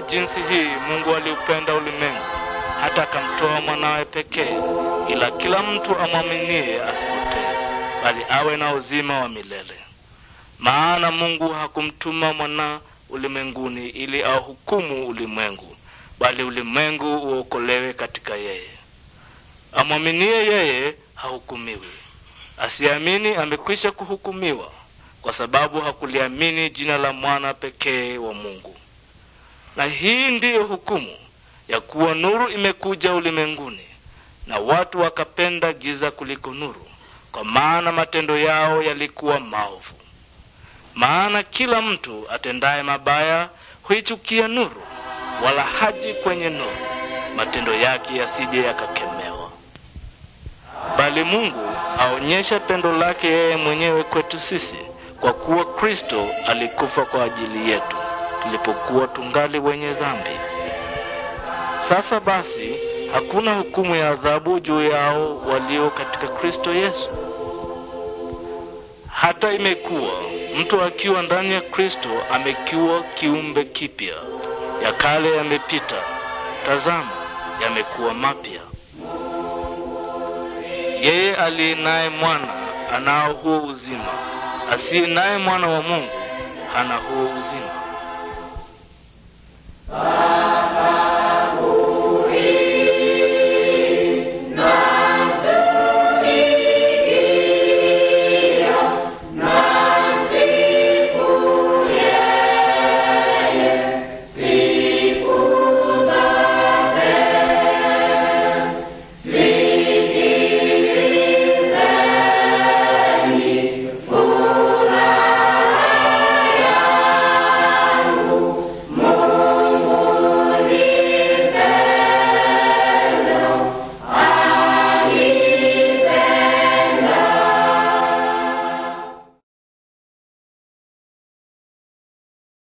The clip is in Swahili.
maana jinsi hii Mungu aliupenda ulimwengu hata akamtoa mwanawe pekee, ila kila mtu amwaminie asipotee, bali awe na uzima wa milele. Maana Mungu hakumtuma mwana ulimwenguni ili auhukumu ulimwengu, bali ulimwengu uokolewe katika yeye. Amwaminie yeye hahukumiwi, asiamini amekwisha kuhukumiwa, kwa sababu hakuliamini jina la mwana pekee wa Mungu na hii ndiyo hukumu ya kuwa nuru imekuja ulimwenguni na watu wakapenda giza kuliko nuru, kwa maana matendo yao yalikuwa maovu. Maana kila mtu atendaye mabaya huichukia nuru, wala haji kwenye nuru, matendo yake yasije yakakemewa. Bali Mungu aonyesha pendo lake yeye mwenyewe kwetu sisi, kwa kuwa Kristo alikufa kwa ajili yetu tulipokuwa tungali wenye dhambi. Sasa basi, hakuna hukumu ya adhabu juu yao walio katika Kristo Yesu. Hata imekuwa mtu akiwa ndani ya Kristo amekiwa kiumbe kipya, ya kale yamepita, tazama, yamekuwa mapya. Yeye aliye naye mwana anao huo uzima, asiye naye mwana wa Mungu hana huo uzima.